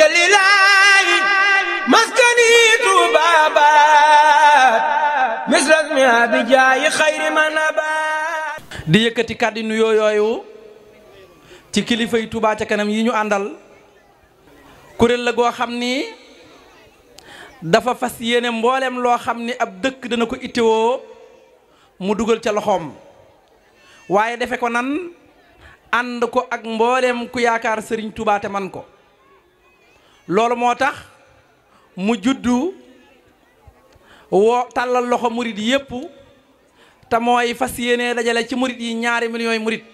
jëlilaay di yëkkati kàddu yooyu ci kilifay yi Tuubaa kanam yi ñu àndal kuréel la goo xam ni dafa fas yéene mbooleem loo xam ni ab dëkk dana ko ittewoo mu dugal ca loxoom waaye defe ko nan ànd ko ak mbooleem ku yaakaar sëriñ Tuubaa te man ko loolu moo tax mu juddu woo tàllal loxo murit yépp te mooy fas yéene dajale ci murit yi ñaari millions yi murit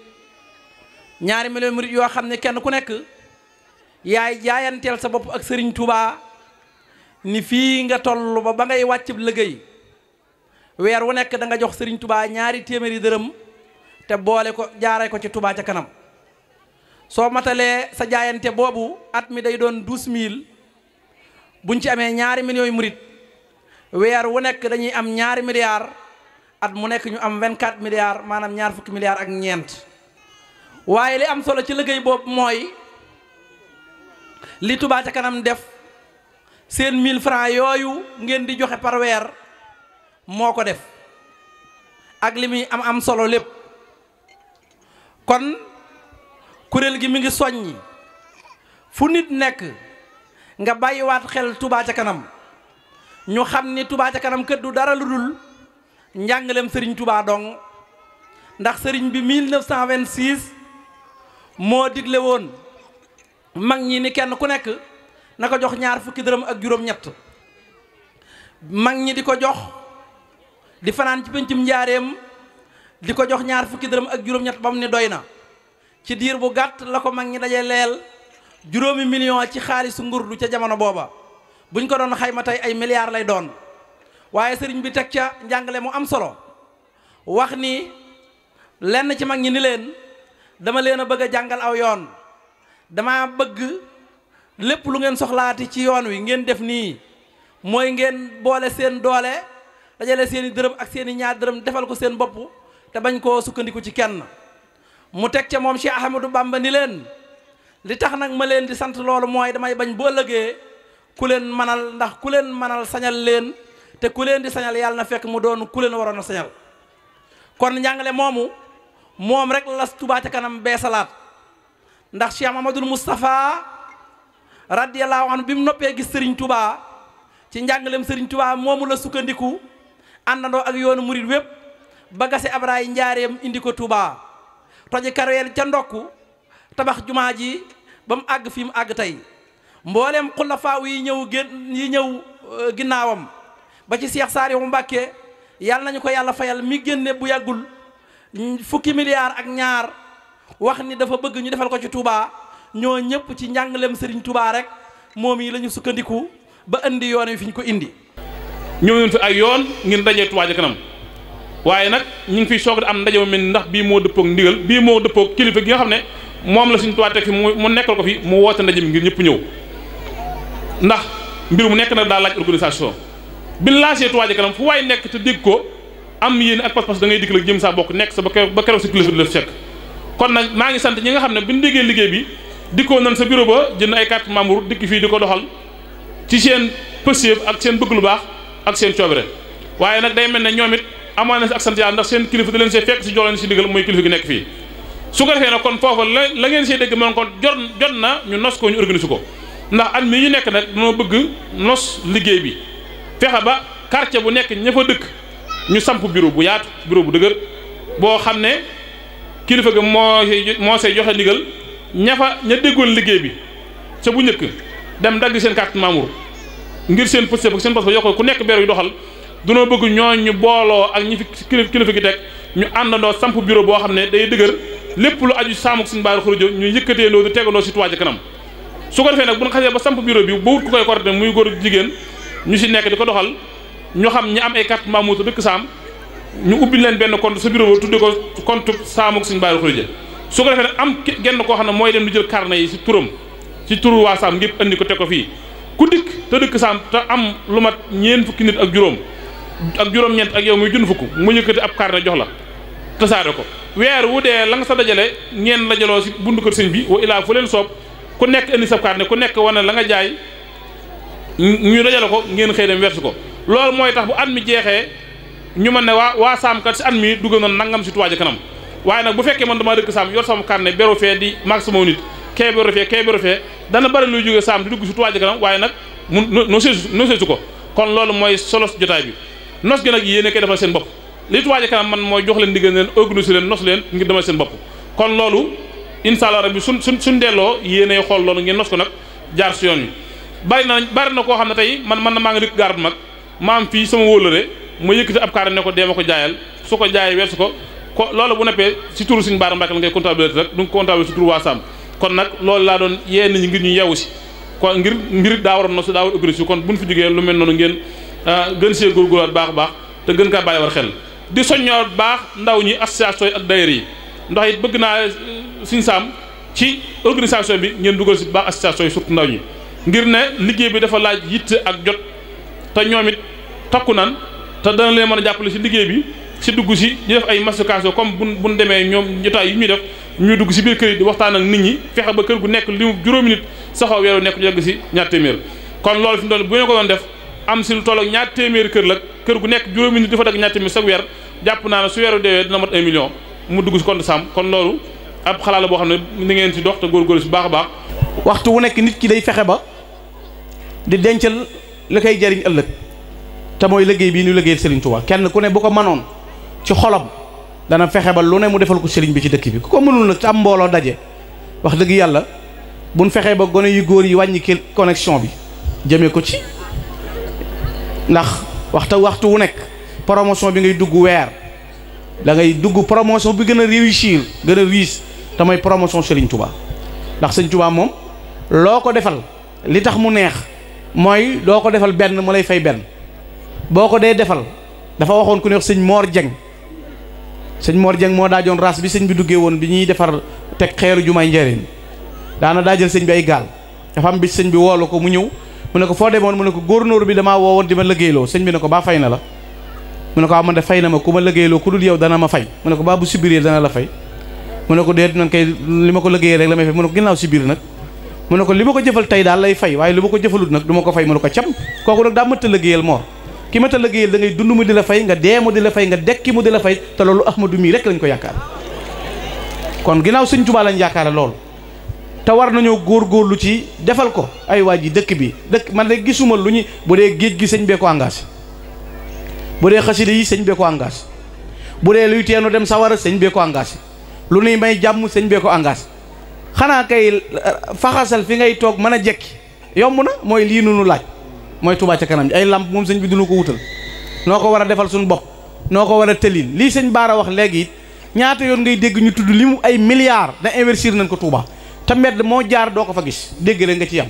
ñaari millions murit yoo xam ne kenn ku nekk yaay jaayanteel sa bopp ak sëriñ Touba ni fii nga toll ba ba ngay wàccub liggéey weer wu nekk danga jox sëriñ Touba ñaari téeméeri dërëm te boole ko jaaree ko ci Touba ca kanam. soo matalee sa jaayante boobu at mi day doon douze mille buñ ci amee ñaari millions yu murit weer wu nekk dañuy am ñaari milliards at mu nekk ñu am vingt quatre milliards maanaam ñaar fukki milliards ak ñeent waaye li am solo ci liggéey boobu mooy li Touba ca kanam def seen mille francs yooyu ngeen di joxe par weer moo ko def ak li muy am am solo lépp kon kuréel gi mi ngi soññi fu nit nekk nga bàyyiwaat xel tubaa ca kanam ñu xam ni tubaa ca kanam kër du dara lu dul njàngaleem sëriñ tubaa dong ndax sëriñ bi 1926 moo digle woon mag ñi ni kenn ku nekk na ko jox ñaar fukki dërëm ak juróom-ñett mag ñi di ko jox di fanaan ci pëncum njaareem di ko jox ñaar fukki dërëm ak juróom-ñett ba mu ne doy na ci diir bu gàtt la ko mag ñi daje leel juróomi million ci xaalisu ngurdu ca jamono booba buñ ko doon xayma tey ay milliards lay doon waaye sëriñ bi teg ca jàngale mu am solo wax ni lenn ci mag ñi ni leen dama leen a bëgg a jàngal aw yoon dama bëgg lépp lu ngeen soxlaati ci yoon wi ngeen def nii mooy ngeen boole seen doole dajale seen i dërëm ak seeni i ñaar dërëm defal ko seen bopp te bañ koo sukkandiku ci kenn mu teg ca moom Cheikh Ahmadou Bamba ni leen li tax nag ma leen di sant loolu mooy damay bañ bu ëllëgee ku leen manal ndax ku leen manal sañal leen te ku leen di sañal yàlla na fekk mu doon ku leen waroon a sañal kon njàngale moomu moom rek las Touba ci kanam bee salaat ndax Cheikh Mamadou Moustapha radiyallahu anhu bi mu noppee gis Serigne Touba ci njàngaleem Serigne Touba moomu la sukkandiku àndandoo ak yoonu murit wépp ba gase abraay njaareem indi ko Touba. toji kareel ca ndokku tabax jumaa ji ba mu àgg fi mu àgg tey mbooleem xulafaa yi ñëw gén yi ñëw euh, ginnaawam ba ci Seex mu Mbàkke yàlla nañu ko yàlla fayal mi génne bu yàggul fukki milliards ak ñaar wax ni dafa bëgg ñu defal ko ci Touba ñoo ñëpp ci njàng lem Serigne Touba rek moom yi lañu sukkandiku ba indi yoon wi fi ñu ko indi. ñëw nañu fi ay yoon ngir daje Touba ca kanam. waaye nag ñu ngi fiy soog am ndaje mu mel ndax bii moo dëppoog ndigal bii moo dëppoog kilifa gi nga xam ne moom la suñu tuwaatee fi mu nekkal ko fi mu woote ndaje mi ngir ñëpp ñëw ndax mbir mu nekk nag daa laaj organisation bi laajee Touba Ca Kanam fu waay nekk te dégg ko am yéen ak pas-pas da ngay dikk la jëm saa bokk nekk sa ba keroog ba kilifa di la fekk kon nag maa ngi sant ñi nga xam ne bi ñu déggee liggéey bi dikkoo nan sa bureau ba jënd ay carte membre dikk fii di ko doxal ci seen pëseef ak seen bëgg lu baax ak seen coobere waaye amaana si ak sant ndax seen kilifa da leen see fekk si jox leen si ndigal mooy kilifa gi nekk fii su ko defee nag kon foofa la la ngeen see dégg man kon jot na ñu nos ko ñu organise ko ndax at mii ñu nekk nag dañoo bëgg nos liggéey bi fexe ba quartier bu nekk ña fa dëkk ñu samp biro bu yaat bureau bu dëgër boo xam ne kilifa gi moo moo see joxe ndigal ña fa ña déggoon liggéey bi ca bu njëkk dem dagg seen carte membre ngir seen pëste seen pas ba yokk ku nekk beer yu doxal dunoo bëgg ñooñ ñu booloo ak ñi fi kilifa ki teg ñu àndandoo samp biro boo xam ne day dëgër lépp lu aju saamuk suñu baaru xurujo ñu yëkkateendoo di tegandoo si Touba ca kanam su ko defee nag bu ñu xasee ba samp bureau bi ba wut ku koy coordonné muy góor jigéen ñu si nekk di ko doxal ñu xam ñi am ay carte membre dëkk saam ñu ubbi leen benn compte sa bureau ba tudde ko compte saamuk suñu baaru xurujo su ko defee nag am genn koo xam ne mooy dem di jël carnet yi si si turu waa saam ngépp andi teg ko fii ku dikk te dëkk saam am lu mat ñeen fukki nit ak juróom ak juróom-ñeent ak yow muy junn fukk mu yëkkati ab carte jox la tasaare ko weer wu dee la nga sa dajale ngeen lajaloo jaloo si bundu kër sëñ bi wa ilaa fu leen soob ku nekk indi sa carte ne ku nekk wane la nga jaay ñu dajale ko ngeen xëy dem wersi ko loolu mooy tax bu at mi jeexee ñu mën ne waa waa saamkat si at mi dugg na nangam si Touba ca kanam waaye nag bu fekkee man dama dëkk saam yor sama carte ne bero fee di maag sama nit kee bero fee kee bero dana bari luy jógee saam di dugg si waaye nag mun noo seesu ko kon loolu mooy solos jotaay bi nos gi nag yéen a koy defal seen bopp li Touba ca kanam man mooy jox leen diggal leen organiser leen nos leen ngir demal seen bopp kon loolu incha allah rabbi suñ suñ suñ delloo yéenay xool loolu ngeen nos ko nag jaar si yoon wi bari na bari na koo xam ne tey man man na maa ngi dëkk gaar bu mag ma am fii sama wóolare ma yëkkati ab kaar ne ko dee ko jaayal su ko jaayee weesu ko ko loolu bu neppee si turu suñu baara mbàkkal ngay comptabilité rek du nga comptabilité si turu waa Sàmm ñi ngir ñu si kon ngir ngir daa waroon nosu kon buñ fi lu mel noonu ngeen Euh, gën see góorgóorlaat baax baax te gën kaa bàyyi war xel di soññoor baax ndaw ñi association yi ak daayira yi ndax it bëgg naa euh, suñ saam ci organisation bi ngeen dugal si baax association yi surtout ndaw ñi ngir ne liggéey bi dafa laaj yitte ak jot te ñoom it takku nan te dana leen mën a jàppale si liggéey bi si dugg si ñu def ay mastucation comme bu bu buñ demee ñoom jotaay yu ñuy def ñuy dugg si biir kër yi di waxtaan ak nit ñi fexe ba kër gu nekk li mu juróomi nit saxoo nekk ñu si ñaar téeméer kon loolu fi mu ko doon def am si lu toll ak ñaar téeméeri kër la kër gu nekk juróomi nit dafa dagg ñaar téeméer chaque weer jàpp naa ne su weeru deewee dina mu dugg si compte kon loolu ab xalaat la boo xam ne ni ngeen si dox te góorgóorlu si baax a baax. waxtu wu nekk nit ki day fexe ba di dencal li koy jariñ ëllëg te mooy liggéey bi ñu liggéeyal Serigne Touba kenn ku ne bu ko manoon ci xolam dana fexe ba lu ne mu defal ko Serigne bi ci dëkk bi ku ko mënul na te am mbooloo daje wax dëgg yàlla buñ fexe ba gone yi góor yi wàññi connexion bi jëmee ko ci. ndax waxta waxtu wu nekk promotion bi ngay dugg weer da ngay dugg promotion bi gën a réussir gën a riis te mooy promotion Serigne Touba ndax Serigne Touba moom loo ko defal li tax mu neex mooy doo ko defal benn mu lay fay benn boo ko dee defal dafa waxoon ku ne wax sëñ Mor Dieng sëñ Mor Dieng moo daajoon ras bi sëñ bi duggee woon bi ñuy defar teg xeeru jumaay njëriñ daana daa jël sëñ bi ay gaal dafa am bi sëñ bi woolu ko mu ñëw mu ne ko foo demoon mu ne ko góornóor bi damaa woowoon di ma lëggéeyloo sëñ bi ne ko baa fay na la mu ne ko aw ah, man de fay na ma ku ma lëggéeyloo ku dul yow dana ma fay mu ne ko baa bu sibiree dana la fay mu ne ko déet man kay li ma ko lëggéeyee rek la may fay mu ne ko ginnaaw sibir nag mu ne ko li ma ko jëfal tey daal lay fay waaye li ma ko jëfalut nag du ma ko fay mu ne ko cam kooku nag daa mëtt a lëggéeyal moor ki mëtt a lëggéeyal ngay dund mu di la fay nga dee mu di nga dekki mu di la fay te loolu ahmadu mii rek lañ ko yaakaar kon ginnaaw sëñ Tuubaa lañ yaakaare loolu te war góor góorgóorlu ci defal ko ay waa ji dëkk bi dëkk man de gisuma lu ñu bu dee géej gi sëñ bee ko engagé bu dee xasida yi sëñ bee ko engagé bu dee luy teenu dem sawara sëñ bee ko engagé lu nuy may jàmm sëñ bee ko engagé xanaa kay euh, faxasal fi ngay toog mën a jekki yomb na mooy lii nunu nu laaj mooy Touba ca kanam ji ay lamp moom sëñ bi dunu ko wutal noo ko war a defal suñ bopp noo ko war a tëlin lii sëñ Baara wax léegi it ñaata yoon ngay dégg ñu tudd li mu ay milliards da investir nañ ko Touba te mbedd moo jaar doo ko fa gis dégg nga ci yam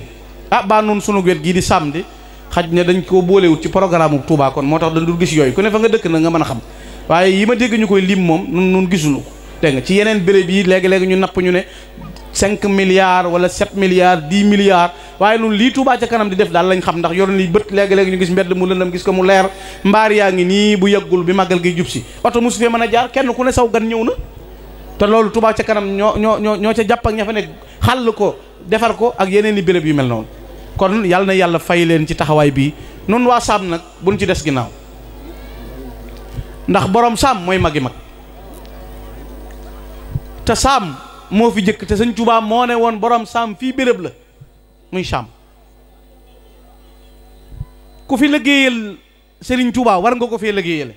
ah baa noonu sunu wet gii di samedi xaj na dañ koo boolewut ci programme bu Touba kon moo tax dañ dul gis yooyu ku ne fa nga dëkk na nga mën a xam waaye yi ma dégg ñu koy lim moom nun nun gisuñu ko dégg nga ci yeneen béréb yi léegi-léegi ñu napp ñu ne cinq milliards wala sept milliards dix milliards waaye nun lii Touba ca kanam di def daal lañ xam ndax yoroon li bët léegi-léegi ñu gis mbedd mu lëndam ko mu leer mbaar yaa ngi nii bu yeggul bi màggal gi jub si oto mosu mën a jaar kenn ku ne saw gan ñëw na te loolu tubaab ca kanam ñoo ñoo ñoo ñoo ca jàpp ak ña fa ne xàll ko defar ko ak yeneen i béréb yu mel noonu kon yàlla na yàlla fay leen ci taxawaay bii noonu waa saam nag buñ ci des ginnaaw ndax borom saam mooy magi mag te saam moo fi jëkk te sëñ Touba moo ne woon borom saam fii béréb la muy saam ku fi liggéeyal Serigne Touba war nga ko fee liggéeyale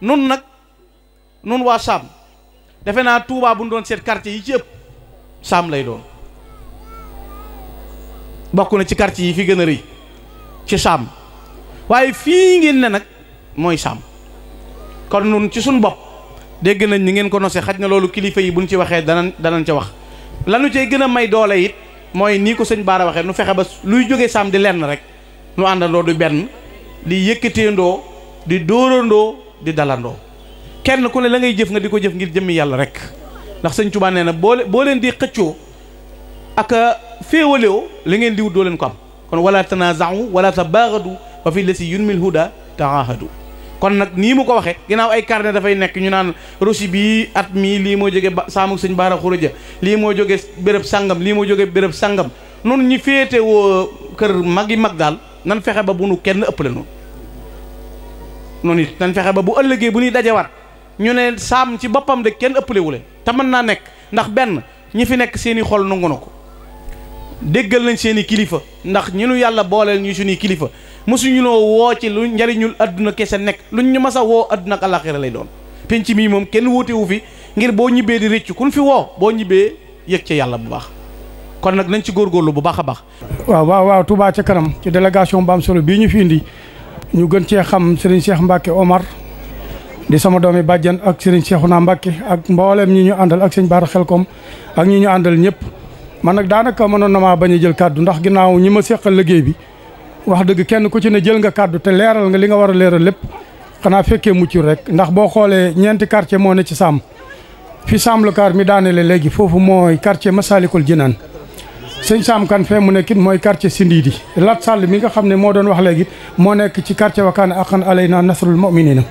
nun nag nun waa saam defe naa Touba bu ñu doon seet quartier yi ci yëpp saam lay doon bokk na ci quartier yi fi gën a rëy ci saam waaye fii ngeen ne nag mooy saam kon nun ci suñ bopp dégg nañ ni ngeen ko nose xaj na loolu kilifa yi buñ ci waxee danañ danañ ca wax lanu cay gën a may doole it mooy nii ko sëñ Baara waxee nu fexe ba luy jóge saam di lenn rek nu àndandoo du benn di yëkkateendoo di dóorandoo di dalandoo kenn ku ne la ngay jëf nga di ko jëf ngir jëmmi yàlla rek ndax sëñ Tuubaa na boo boo leen di xëccoo ak féewalewoo li ngeen di wut doo leen ko am kon wala tanaaza'u wala tabaagadu wa fi lasi yunmil huda taahadu kon nag nii mu ko waxee ginnaaw ay carnet dafay nekk ñu naan rosi bii at mii lii moo jóge ba saamu sëñ baara xuruja lii moo jóge béréb sangam lii moo jóge béréb sangam noonu ñi féete woo kër mag yi mag daal nan fexe ba bu nu kenn ëpp noonu noonu it nan fexe ba bu ëllëgee bu ñuy dajewaat ñu ne saam ci boppam de kenn ëppalewu leen te mën naa nekk ndax benn ñi fi nekk seeni xol nangu na ko déggal nañ seeni kilifa ndax ñu nu yàlla booleel ñu suni kilifa mosuñu noo woo ci lu njariñul adduna kese nekk luñ ñu masa woo adduna ak alaxira lay doon penc mii moom kenn wóote fi ngir boo ñibbee di rëccu kun fi woo boo ñibbee yëg ca yàlla bu baax kon nag nañ ci góor góorlu bu baax a baax. waaw waaw waaw Touba ca kanam ci délégation bu am solo bii ñu fi indi ñu gën cee xam Serigne Cheikh Mbacke Omar. di sama doomi bàjjan ak sëriñ Cheikhouna Mbacké ak mboolem ñi ñu àndal ak sëñ Baara Xelkom ak ñi ñu àndal ñëpp man nag daanaka mënoon na maa bañ jël kàddu ndax ginnaaw ñi ma seqal liggéey bi wax dëgg kenn ku ci ne jël nga kàddu te leeral nga li nga war a leeral lépp xanaa fekkee muccul rek ndax boo xoolee ñeenti quartier moo ne ci Sàmm fi Sàmm Locar mi daaneele léegi foofu mooy quartier Masalikul Jinaan sëñ Saam kan fee mu nekkit mooy quartier Sindiidi Lat Sall mi nga xam ne moo doon wax léegi moo nekk ci quartier Wakana Akhan Alayna Nasrul Muminina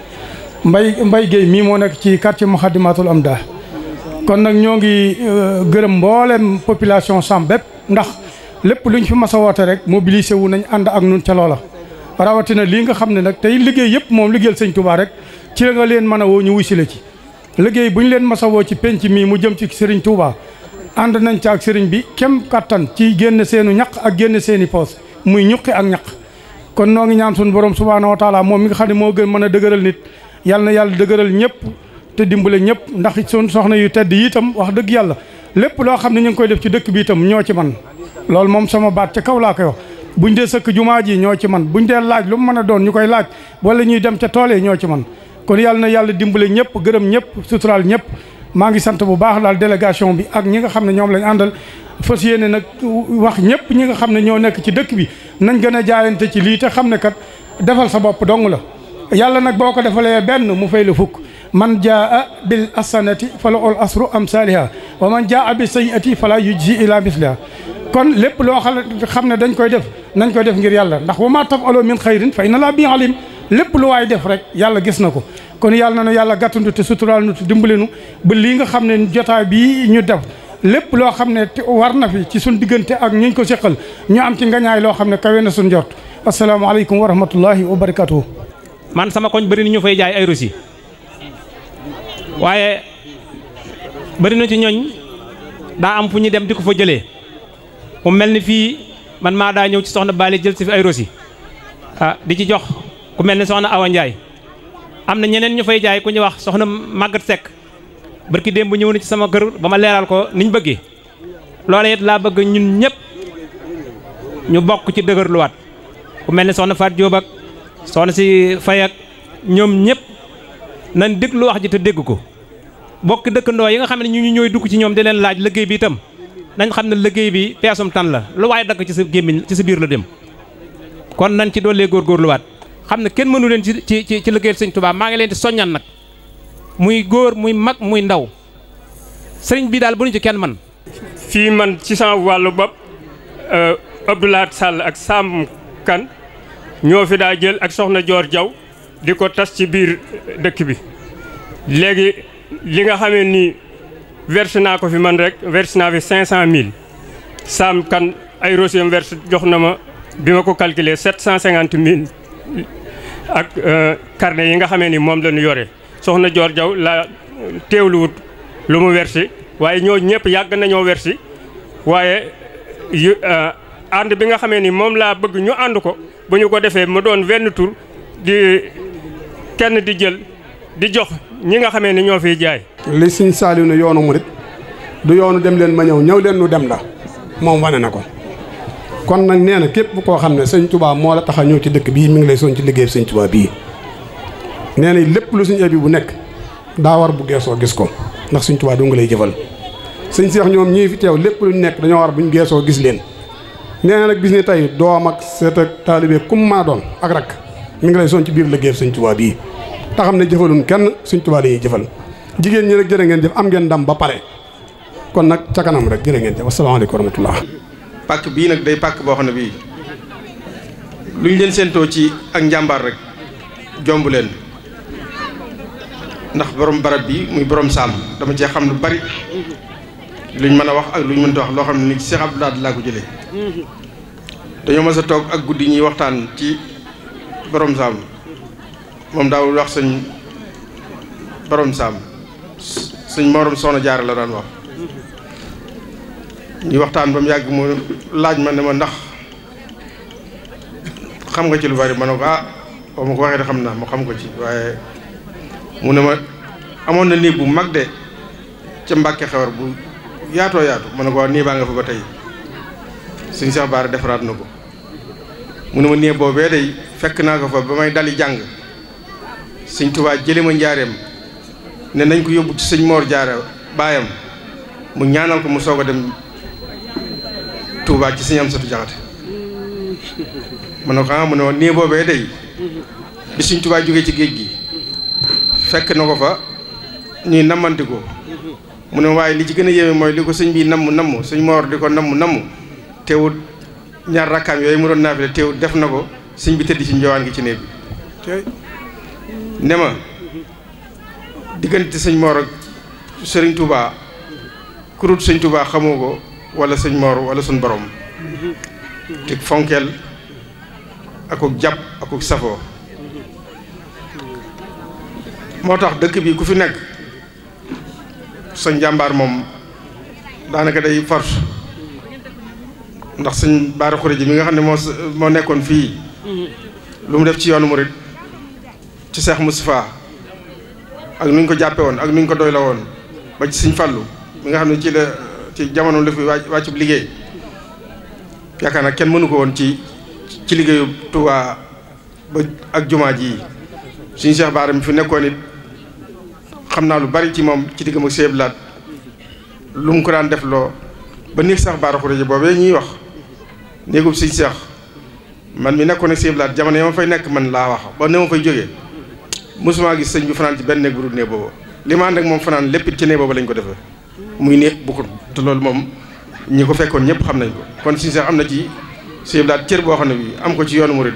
mbay mbay géey mii moo nekk ci quartier Muxaddamatul Amda kon nag ñoo ngi euh, gërëm mboolem population sam bépp ndax lépp luñ fi mas a woote rek mobilisé wu nañ ànd ak nun ca la rawatina lii nga xam ne nag tey liggéey yëpp moom liggéeyal sëñ Touba rek ci la nga leen mën a woo ñu wuy si la ci liggéey bu ñu leen mas a woo ci penc mii mu jëm ci sëriñ Touba ànd nañ ca ak sëriñ bi kem kattan ci génn seenu ñaq ak génn seeni poos muy ñuqi ak ñaq kon noo ngi ñaan suñu borom subhaanahu wa taala moom mi nga xam ne moo gën mën a dëgëral nit yàlla na yàlla dëgëral ñëpp te dimbale ñëpp ndax suñ soxna yu tedd yi itam wax dëgg yàlla lépp loo xam ne ñu ngi koy def ci dëkk bi itam ñoo ci man loolu moom sama baat ca kaw laa koy wax buñ dee sëkk jumaa ji ñoo ci man buñ dee laaj lu mu mën a doon ñu koy laaj wala ñuy dem ca tool yi ñoo ci man kon yàlla na yàlla dimbale ñëpp gërëm ñëpp suturaal ñëpp maa ngi sant bu baax daal délégation bi ak ñi nga xam ne ñoom lañu àndal fas yéene nag wax ñëpp ñi nga xam ne ñoo nekk ci dëkk bi nañ gën a jaayante ci lii te xam ne kat defal sa bopp dong la yàlla na boo ko defalee benn mu fay la fukk man jaa bil assanati fala ol asru am saaliha wa man jaa bi sayyiati fala ji yujzi ila misliha kon lépp loo xam ne dañ koy def nañ koy def ngir yàlla ndax wa ma tafalo min xayrin fa inna laa bi alim lépp lu ay def rek yàlla gis na ko kon yàlla na yàlla gattu gàttandu te suturaal nu te dimbali nu ba lii nga xam ne jotaay bii ñu def lépp loo xam ne war na fi ci suñ diggante ak ñu ñu ko seqal ñu am ci ngañaay loo xam ne kawe na suñ jot asalaamaaleykum wa rahmatullahi wa barakatuhu man sama koñ bëri na ñu fay jaay ay russi waaye bëri na ci ñooñ daa am fu ñu dem di ko fa jëlee mu mel ni fii man maa daa ñëw ci soxna Bali jël si fi ay russi ah di ci jox ku mel ni soxna Awa njaay am na ñeneen ñu fay jaay ku ñuy wax soxna Maguette Seck barki démb ñëw na ci sama kër ba ma leeral ko niñ bëggee loola it laa bëgg ñun ñëpp ñu bokk ci dëgërluwaat ku mel ni soxna Fatou Diop soxna si fay ak ñoom ñëpp nañ déglu wax ji te dégg ko bokk dëkkandoo yi nga xam ne ñu ñu ñooy dugg ci ñoom di leen laaj liggéey bi itam nañ xam ne liggéey bi peesum tan la lu waaye dagg ci sa gémmiñ ci sa biir la dem kon nañ ci doolee góorgóorluwaat xam ne kenn mënu leen ci ci ci ci liggéeyal sëñ Tuubaa maa ngi leen di soññan nag muy góor muy mag muy ndaw sëriñ bi daal bu ñu ci kenn man fii man ci sama wàllu bopp euh, Abdoulaye Sall ak Sam Kane ñoo fi daa jël ak soxna Joor Jaw di ko tas ci biir dëkk bi léegi li nga xamee ni verse naa ko fi man rek verse naa fi cinq cent mille saam kan ay rosiyam verse jox na ma bi ma ko calculer sept cent cinquante mille ak euh, carnet yi nga xamee ni moom la ñu yore soxna Joor Jaw laa teewluwut lu mu verse waaye ñoo ñëpp yàgg nañoo verse waaye euh, ànd bi nga xamee ni moom laa bëgg ñu ànd ko bu ñu ko defee mu doon wenn tur di kenn di jël di jox ñi nga xamee ni ñoo fiy jaay. li Sëñ Saaliw ne yoonu murit du yoonu dem leen ma ñëw ñëw leen nu dem la moom wane na ko kon nag nee na képp koo xam ne sëñ Tuubaa moo la tax a ñëw ci dëkk bii mi ngi lay soñ ci liggéey sëñ Tuubaa bii. nee na lépp lu sëñ Abiibu bu nekk daa war bu geesoo gis ko ndax sëñ Tuubaa du nga lay jëfal sëñ Seex ñoom ñii fi teew lépp lu nekk dañoo war buñ geesoo gis leen. nee nag bis ne tey doom ak seet ak taalibe doon ak rak mi ngi lay soon ci biir liggéey sëñ Tuubaa bii te xam ne jëfalun kenn sëñ Tuubaa la jëfal jigéen ñi rek jërë ngeen jëf am ngeen ndam ba pare kon nag ca kanam rek jërë ngeen jëf asalaamaaleykum wa rahmatullah pàkk bii nag day pàkk boo xam ne bii lu ñu leen séentoo ci ak njàmbaar rek jombu leen ndax borom barab bi muy boroom saam dama cee xam lu bari luñ mën a wax ak lu luñ mënta wax loo xam ne ni Cheikh Abdou Lahad laa ko jëlee dañoo mës a toog ak guddi ñuy waxtaan ci borom saam moom daawul wax sëñ borom saam sëñ morom soxna jaare la daan wax ñuy waxtaan ba mu yàgg mu laaj ma ne ma ndax xam nga ci lu bari man ne ko ah ba ma ko waxee de xam naa ma xam ko ci waaye mu ne ma amoon na néeg bu mag de ca Mbàkke xewar bu yaatoo yaatu ma ne ko waa nii baa nga fa ba tey suñ Cheikh Bara defaraat na ko mu ne ma nee boobee day fekk naa ko fa ba may dali jàng suñ Tuubaa jële ma njaareem ne nañ ko yóbbu ci suñ Moor Jaara baayam mu ñaanal ko mu soog a dem tubaat ci suñ am satu jaxate ma ne ah, mu ne ma nee boobee day bi suñ Tuubaa jógee ci géej gi fekk na ko fa ñuy nammante mu ne waaye li ci gën a yéeme mooy li ko sëñ bi namm namm sëñ moor di ko namm namm teewut ñaar rakkaam yooyu mu doon naafile teewut def na ko sëñ bi tëdd ci njowaan gi ci néeg bi ne ma diggante sëñ moor ak sëriñ tubaa kurut sëñ tubaa xamoo ko wala sëñ moor wala suñ borom te fonkeel akuk jàpp akuk safoo moo tax dëkk bi ku fi nekk sa njàmbaar moom daanaka day force ndax sëñ Bara Khourédia mi nga xam ne moo moo nekkoon fii mm-hmm. lu mu def ci yoonu murit ci Seex Mustafaa ak nu ko jàppe woon ak nu ñu ko doy woon ba ci sëñ Fallu mi nga xam ne ci la ci jamono la fi wàccub liggéey yaakaar nag kenn mënu ko woon ci ci liggéeyu Tuubaa ba ak jumaa ji suñu Seex Bara fi nekkoon it xam naa lu bari ci moom ci digg ma seeb laat lu mu ko daan def loo ba néeg sax baara xuré ji boobee ñuy wax néegub siñ seex man mi nekkoon ak seeb laat jamono ya ma fay nekk man laa wax ba ne ma fay jógee mosuma gis sëñ bi fanaan ci benn néeg bu dul néeg boobu li ma ànd moom fanaan lépp ci néeg boobu lañ ko defee muy néeg bu ko te loolu moom ñu ko fekkoon ñëpp xam nañ ko kon siñ seex am na ci seeb laat cër boo xam ne bi am ko ci yoonu murid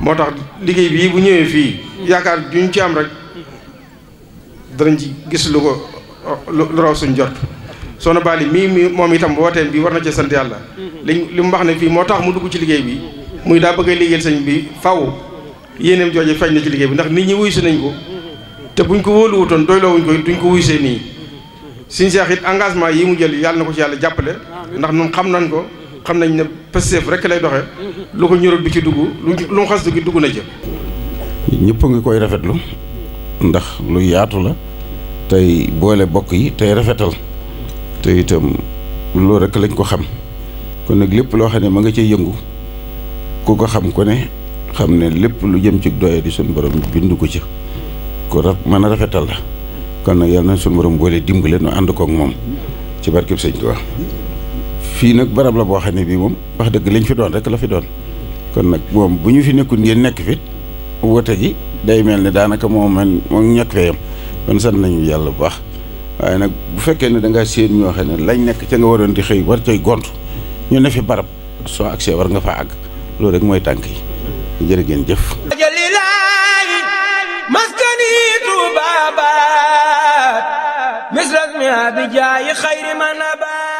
moo tax liggéey bii bu ñëwee fii yaakaar juñ ci am rek danañ ci gis lu ko lu raw suñ jot soxna Bali mii mi moom itam wooteem bi war na ci sant yàlla mhm. li li mu wax ne fii moo tax mu dugg ci liggéey bi muy daa bëgg a sañ sëñ bi faw yéeneem jooje feeñ na ci liggéey bi ndax nit ñi wuy si nañ ko mhm. te buñ ko wóoluwutoon doyloo wuñ ko duñ ko wuy see nii mhm. suñ seex engagement yi mu jël yàlla na ko ci yàlla jàppale ndax nun xam nañ ko xam nañ ne Pastef rek lay doxe lu ko ñorul bi ci dugg lu mu xas dugg dugg na jë ñëpp ngi koy rafetlu ndax lu yaatu la tey boole bokk yi tey rafetal te itam loolu rek lañ ko xam kon nag lépp loo xam ne ma nga cay yëngu ku ko xam ko ne xam ne lépp lu jëm ci doye di suñu borom bindu ko ci ku ra mën a rafetal la kon nag yàlla na suñu borom boole dimbale nu ànd kook moom ci barkeb sëñ Tuubaa fii nag barab la boo xam ne bii moom wax dëgg lañ fi doon rekk la fi doon kon nag moom bu ñu fi nekkul ngeen nekk fit woote gi day mel ni daanaka moom mel moom ñàkk yam kon sant nañu yàlla bu baax waaye nag bu fekkee ne da ngaa séen ñoo xam ne lañ nekk ca nga waroon di xëy war cay gont ñu ne fi barab soo accès war nga faa àgg loolu rek mooy tànk yi jërë ngeen jëf jëlilaayi maskanitu baabaat misras mi abi jaayi xayri man abaat